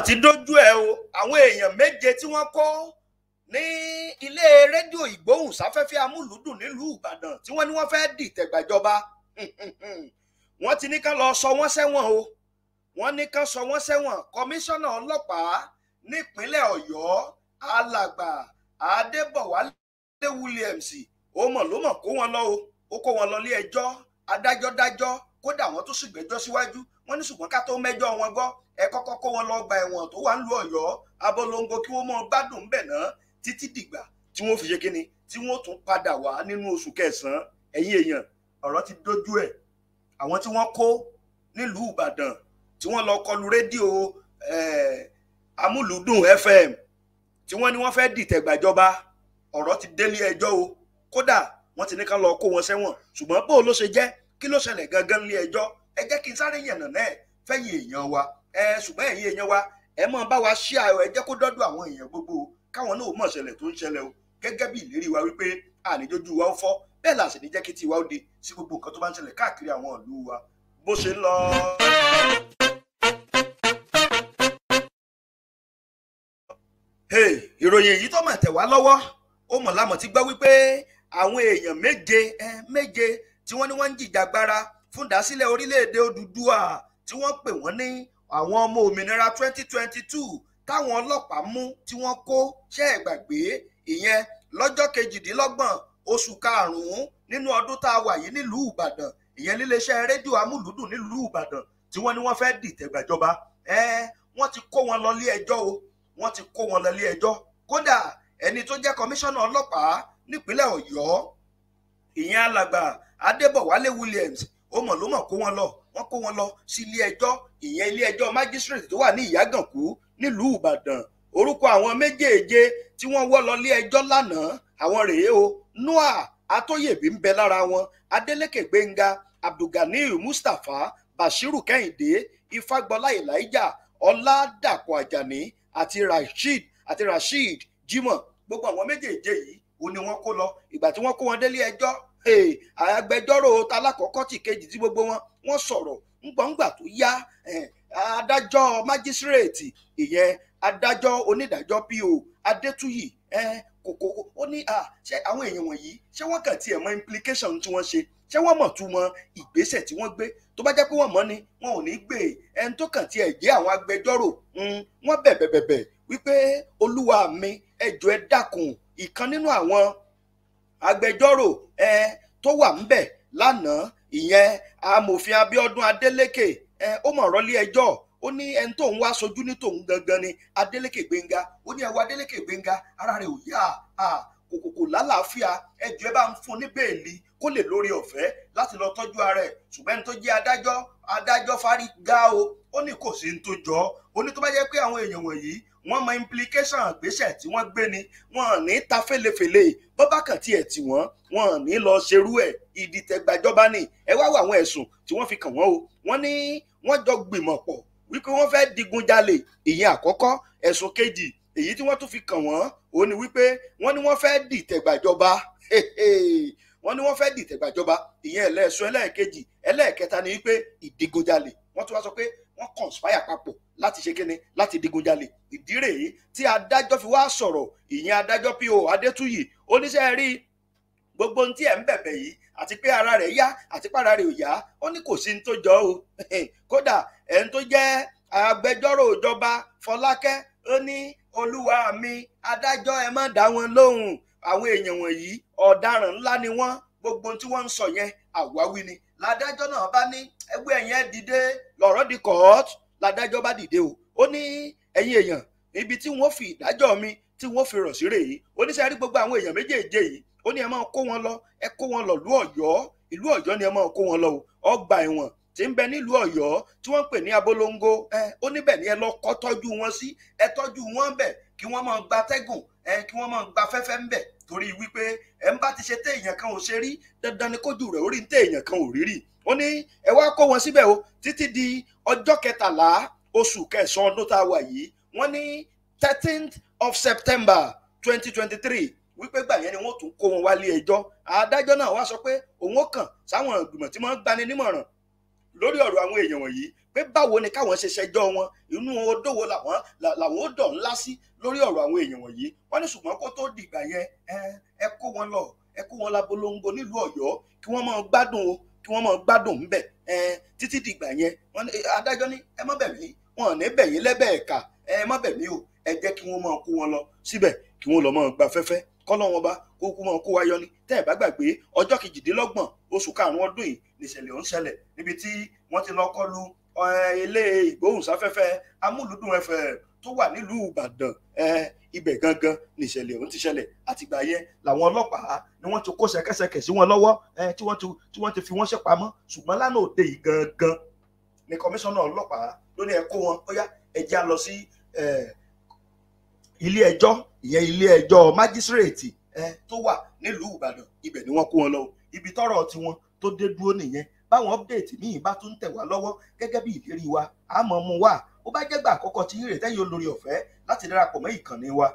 mà ti dójú ẹ o àwọn èèyàn méje tí wọ́n kó ní ilé rédíò ìgbóhùnsáfẹ́fẹ́ amúlùúdùn nílùú ìbàdàn tí wọ́n ní wọ́n fẹ́ẹ́ dìtẹ̀ gbàjọba wọ́n ti ní ká lọ sọ wọ́n sẹ́wọ̀n o wọ́n ní ká sọ wọ́n sẹ́wọ̀n kọmíṣánná ọlọ́pàá nípínlẹ̀ ọ̀yọ́ alàgbà adébọ̀wálé williams ó mọ̀ ló mọ̀ kó wọn lọ o ó kó wọn lọ ilé ẹjọ́ adájọ́ dájọ́ kódà wọ́n tún ṣègbẹ́jọ́ síwájú wọ́n ní ṣùgbọ́n ká tó mẹ́jọ́ wọn gbọ́ ẹ kọ́kọ́ kó wọn lọ gba ẹ̀wọ̀n tó wà ń lu ọ̀yọ́ abolongo kí wọ́n mọ gbádùn bẹ̀ náà títí dìgbà tí wọ́n fi ṣe kíni tí wọ́n tún padà wá nínú oṣù kẹsàn-án ẹ̀yin èèyàn ọ̀rọ̀ ti dójú ẹ̀ àwọn tí wọ́n kó nílùú ìbàdàn tí wọ́n lọ kọlu rédíò amúlùúdùn fm tí ni ní wọ́n fẹ́ dìtẹ̀gbàjọba ọ̀rọ̀ ti délé ẹjọ́ o kódà wọ́n ti ní ká lọ kó wọn sẹ́wọ̀n ṣùgbọ́n bó ló ṣe jẹ́ kí ló ṣẹlẹ̀ gangan lé ẹjọ́ ẹ jẹ́ kí n sáré yànnà náà fẹ́yìn èèyàn wa ẹ ṣùgbọ́n ẹ̀yin èèyàn wa ẹ máa bá wa ṣí àyọ̀ ẹ jẹ́ kó dọ́dọ̀ àwọn èèyàn gbogbo káwọn náà mọ̀ ṣẹlẹ̀ tó ń ṣẹlẹ̀ o gẹ́gẹ́ bí ìlérí wa wípé àníjójú wa ó fọ́ bẹ́ẹ̀ là ní jẹ́ kí tiwa ó de sí gbogbo nǹkan tó bá ń ṣẹlẹ̀ káàkiri àwọn ìlú wa bó ṣe ń lọ. ìròyìn èyí tó mọ̀ tẹ̀ wá lọ́wọ́ ó mọ̀ lámọ̀ ti gbọ́ wípé àwọn èèyàn méje méje tí wọ́n ní wọ́n ń jìjàgbara fún ìdásílẹ̀ orílẹ̀-èdè Odùduwà tí wọ́n pè wọ́n ní àwọn ọmọ òmìnira 2022 táwọn ọlọ́pàá mú tí wọ́n kó ṣe é gbàgbé ìyẹn lọ́jọ́ kejìdínlọ́gbọ̀n oṣù karùn-ún nínú ọdún tá a wà yìí nílùú Ìbàdàn ìyẹn níléeṣẹ́ rédíò amúlùúdùn nílùú Ìbàdàn tí wọ́n ní wọ́n fẹ́ dìtẹ̀gbàjọba ẹ̀ẹ́ wọ́n ti kó wọn lọ lé ẹjọ́ o wọ́n ti kó wọn lọ lé ẹjọ́ kódà ẹni tó jẹ́ kọmíṣánná ọlọ́pàá nípínlẹ̀ Ọ̀yọ́ ìyẹn alàgbà Adébọ̀wálé Williams ó mọ̀ ló mọ̀ kó wọn lọ wọ́n kó wọn lọ sí ilé ẹjọ́ ìyẹn ilé ẹjọ́ májísírèètì tó wà ní ìyágànkú nílùú ìbàdàn orúkọ àwọn méjèèje tí wọ́n wọ́ lọ ilé ẹjọ́ lánàá àwọn rèé o noah atóyèbí ń bẹ lára wọn adeleke gbénga abdulganiyu mustapha bashiru kẹ́hìndé ifágbọ́lá elijah ọládàpọ̀ àjàní àti rasheed àti rasheed jimoh gbogbo àwọn méjèèje yìí ó ní wọ́n kó lọ ìgbà tí wọ́n kó wọn délé ẹjọ́ agbẹjọ́rò talákọ̀ọ́kọ́ ti kejì tí gbogbo wọn wọ́n sọ̀rọ̀ ngbọ̀ngbà tó yá adájọ́ májísírèètì ìyẹn adájọ́ onídàájọ́ po adétúyì kòkòkò ó ní ṣé àwọn èèyàn wọ̀nyí ṣé wọ́n kàn tiẹ̀ mọ implication tí wọ́n ṣe ṣé wọ́n mọ̀ túmọ̀ ìgbésẹ̀ tí wọ́n gbé tó bá jẹ́ pé wọ́n mọ̀ ni wọn ò ní gbé e. ẹni tó kàn tiẹ̀ jẹ́ àwọn agbẹjọ́rò hmm, wọ́n bẹ̀bẹ̀bẹ̀bẹ̀ wípé olúwa mi ẹ jọ̀ọ́ ẹ dákun ìkan nínú àwọn agbẹjọ́rò ẹ tó wà ńbẹ̀ lánàá ìyẹn amòfin Abíọ́dún adeleke ẹ ó mọ̀ rọ́lé ẹjọ́ ó ní ẹni tóun wá sojú ní tòun gangan ni adeleke gbenga ó ní ẹ wá gbenga ara rẹ̀ ò yá kòkòkò lálàáfíà ẹjọ́ ẹ bá ń fún ní bẹ́ẹ̀lì kó lè lórí ọ̀fẹ́ láti lọ tọ́jú ara ẹ̀ ṣùgbọ́n ẹni tó jẹ́ adájọ́ adájọ́ Fárígá o ó ní kò sí ní tó jọ ó ní tó bá jẹ́ pé àwọn èèyàn wọ̀nyí wọ́n mọ implication àgbésẹ̀ tí wọ́n gbé ni wọ́n ní ta fẹ́lẹ́fẹ́lẹ́ bọ́bá kan tiẹ̀ tì wọ́n wọ́n ní lọ ṣerú ẹ̀ ìdìtẹ̀gbàjọba ni ẹ wá wọ àwọn ẹ̀sùn tí wọ́n fi kàn wọ́n o wọ́n ní wọ́n jọ gbìmọ̀ pọ̀ wípé wọ́n fẹ́ digunjalè ìyẹn àkọ́kọ́ ẹ̀sùn kejì èyí tí wọ́n tún fi kàn wọ́n ó ni wípé wọ́n ní wọ́n fẹ́ dìtẹ̀gbàjọba wọ́n ní wọ́n fẹ́ dìtẹ̀gbàjọba ìyẹn ẹlẹ́ẹ̀sùn ẹlẹ́ẹ̀kejì ẹlẹ́ẹ̀kẹta ni wípé ìdigunjalè wọ́n tún wá sọ pé wọ́n conspire papọ̀ láti ṣe kíni láti digunjalè ìdí rèé tí adájọ́ fi wá sọ̀rọ̀ ìyẹn adájọ́ P.O. Adétúyì oníṣẹ́ rí gbogbo ohun tí ẹ̀ ń bẹ̀bẹ̀ yìí àti pé ara rẹ̀ yá àti pé ara rẹ̀ ò yá ó ní kò sí ní tó jọ o kódà ẹ̀ ń tó jẹ́ agbẹjọ́rò ìjọba Fọlákẹ́ ó ní olúwa mi adájọ́ ẹ má dá wọn lóhùn àwọn èèyàn wọ̀nyí ọ̀daràn ńlá ni wọ́n gbogbo tí wọ́n ń sọ yẹn àwáwí ni ládájọ́ náà bá ní ẹgbẹ́ ẹ̀yìn ẹ̀ dìde lọ́rọ̀ di court ládájọ́ bá dìde o ó ní ẹ̀yin èèyàn ibi tí wọ́n fi ìdájọ́ mi tí wọ́n fi rọ̀ sí rèé oníṣẹ́ rí gbogbo àwọn èèyàn méjèèjì yìí ó ní ẹ máa kó wọn lọ ẹ kó wọn lọ ìlú ọ̀yọ́ ìlú ọ̀yọ́ ni ẹ máa kó wọn lọ o ọgbà ẹ̀wọ̀n tí ń bẹ nílùú Ọ̀yọ́ tí wọ́n ń pè ní abolongo ẹ ó níbẹ̀ ni ẹ lọ kọ́ tọ́jú wọn sí ẹ tọ́jú wọn bẹ̀ kí wọ́n máa gba tẹ́gùn ẹ kí wọ́n máa gba fẹ́fẹ́ ń bẹ̀ torí wípé ẹ ń bá ti ṣe téèyàn kan ò ṣe rí dandan ni kójú rẹ̀ orí téèyàn kan ò rí rí ó ní ẹ wá kó wọn síbẹ̀ o títí di ọjọ́ kẹtàlá oṣù kẹsàn ọdún tá a wà yìí wọ́n ní thirteenth of September twenty twenty three wípé gbà yẹn ni wọ́n tún kó wọn wálé ẹjọ́ adájọ́ náà wá sọ pé òun ó kàn sáwọn ìgbìmọ̀ tí wọ́n gbani nímọ̀ràn lórí ọ̀rọ̀ àwọn èèyàn wọ̀nyí pé báwo ni káwọn ṣe ṣẹjọ́ wọn inú odòwò làwọn làwọn ó dọ̀ ńlá sí lórí ọ̀rọ̀ àwọn èèyàn wọ̀nyí wọ́n ní ṣùgbọ́n kó tó dìgbà yẹn ẹ kó wọn lọ ẹ kó wọn labolongo nílùú Ọ̀yọ́ kí wọ́n máa gbádùn o kí wọ́n máa gbádùn ńbẹ̀ títí dìgbà yẹn adájọ́ ní ẹ má bẹ̀ mí wọn ò ní bẹ̀ yín lẹ́bẹ̀ẹ́ka ẹ má bẹ̀ mí o ẹ jẹ́ kí wọ́n máa kó wọn lọ síbẹ̀ kí wọ́n lọ máa gba fẹ́fẹ́ kọ́ lọ́wọ́n bá kó kú máa kó wáyọ́ ni tẹ́ ẹ̀ bá gbàgbé ọjọ́ kejìdínlọ́gbọ̀n oṣù karùn-ún ọdún yìí nìṣẹ̀lẹ̀ ọ̀hún ṣẹlẹ̀ níbi tí wọ́n ti lọ kọlu ilé ìgbóhùnsáfẹ́fẹ́ amúlùdùn ẹ̀fẹ̀ tó wà nílùú ìbàdàn ibẹ̀ gangan nìṣẹ̀lẹ̀ ọ̀hún ti ṣẹlẹ̀ àtìgbà yẹn làwọn ọlọ́pàá ni wọ́n ti kó ṣẹ̀kẹ̀ṣẹ̀kẹ̀ sí wọn lọ́wọ́ tí wọ́n ti fi wọ́n ṣèpamọ́ ṣùgbọ́n lánàá òde yìí gangan ni kọmíṣánná ọlọ́pàá ló ní ẹ kó wọn ó yá ẹ lọ sí ilé ẹjọ́ ìyẹn ilé ẹjọ́ májísírèètì tó wà nílùú ìbàdàn ibẹ̀ ni wọ́n kó wọn lọ ibi tọ́rọ̀ tiwọn tó dé dúró nìyẹn báwọn update míì bá tún tẹ̀ wá lọ́wọ́ gẹ́gẹ́ bí ìlérí wa àmọ́ mu wá ó bá jẹ́gbà àkọ́kọ́ tí yín rè tẹ́yìn olórí ọ̀fẹ́ láti darapọ̀ mọ́ ìkànnì wa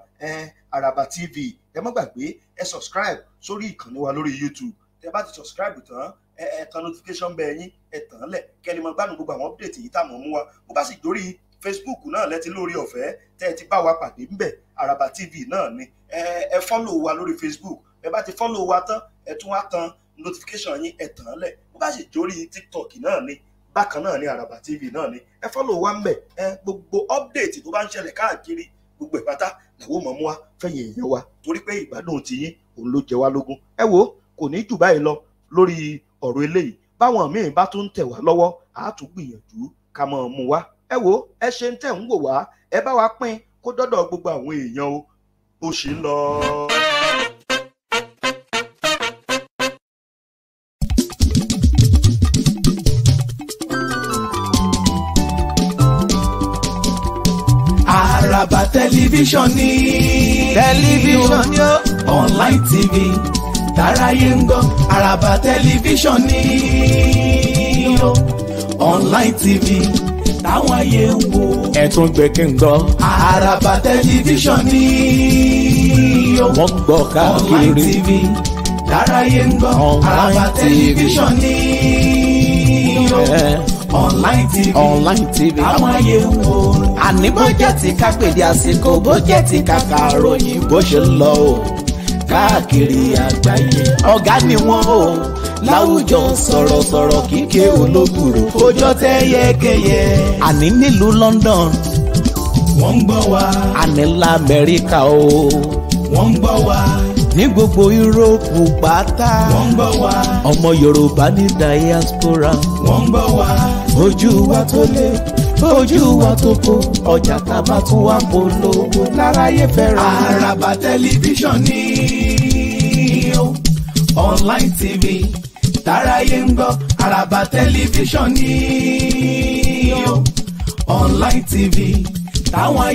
Àràbà TV ẹ má gbàgbé ẹ subscribe sórí ìkànnì wa lórí YouTube tẹ bá ti subscribe tán ẹ ẹ kan notification bell yín ẹ tàn án lẹ̀ kẹ́ni gbogbo àwọn update yìí tá à mọ̀ mú wa bó bá sì dórí facebook náà lẹ́tí lórí ọ̀fẹ́ tẹ́ ẹ ti bá wa pàdé ńbẹ̀ Araba TV náà ni ẹ ẹ wa lórí facebook ẹ bá ti fọ́lò wa tán ẹ tún wá tan notification yín ẹ tàn án lẹ̀ bó bá sì jórí tiktok náà ni bákan náà ni Araba TV náà ni ẹ fọ́lò wa ńbẹ̀ ẹ gbogbo update tó bá ń ṣẹlẹ̀ káàkiri gbogbo ìpátá làwọn mọ̀ mú wa fẹ̀yìn èèyàn wa torí pé ìgbádùn tiyín òun ló jẹ wá lógún ẹ wo kò ní jù báyìí lọ lórí ọ̀rọ̀ eléyìí báwọn míì bá tún ń tẹ̀ wá lọ́wọ́ àá tún gbìyànjú ká máa mú wa ẹ wo ẹ ṣe ń tẹ̀ ń wò wá ẹ bá wa pín kó dọ́dọ̀ gbogbo àwọn èèyàn o bó ṣe ń lọ. àràbà tẹlifíṣàn ni tẹlifíṣàn ni ó online tv tàráyé ń gbọ́ àràbà tẹlifíṣàn ni ó online tv táwọn yẹ ń wo. ẹ̀tún gbé kí n gbọ́. àràbà tẹlifíṣàn ni ó. wọ́n gbọ́ káàkiri. online tv láráyé ń gbọ́. àràbà tẹlifíṣàn ni ó online tv online tv àwọn ayé wo. àní bó jẹ́ ti ká pèdé àsìkò bó jẹ́ ti ká kàròyìn bó ṣe lọ o káàkiri àgbáyé ọ̀gá ni wọ́n o láwùjọ sọ̀rọ̀sọ̀rọ̀ kíkẹ́ olóbùrò kójọ tẹ́ yẹ́kẹ́yẹ́. àní nílùú London wọ́n ń gbọ́ wa. àní lamẹ́ríkà o wọ́n ń gbọ́ wa ní gbogbo yúróòpù pátá. wọ́n ń bọ̀ wá. ọmọ yorùbá ní diaspora. wọ́n ń bọ̀ wá. ojú wa tó lé ojú wa tó kó ọjà tá a bá tún wá polówó láráyé fẹ́ràn. àràbà tẹlifíṣàn ni online tv táráyé ń gbọ́ àràbà tẹlifíṣàn ni online tv táwọn.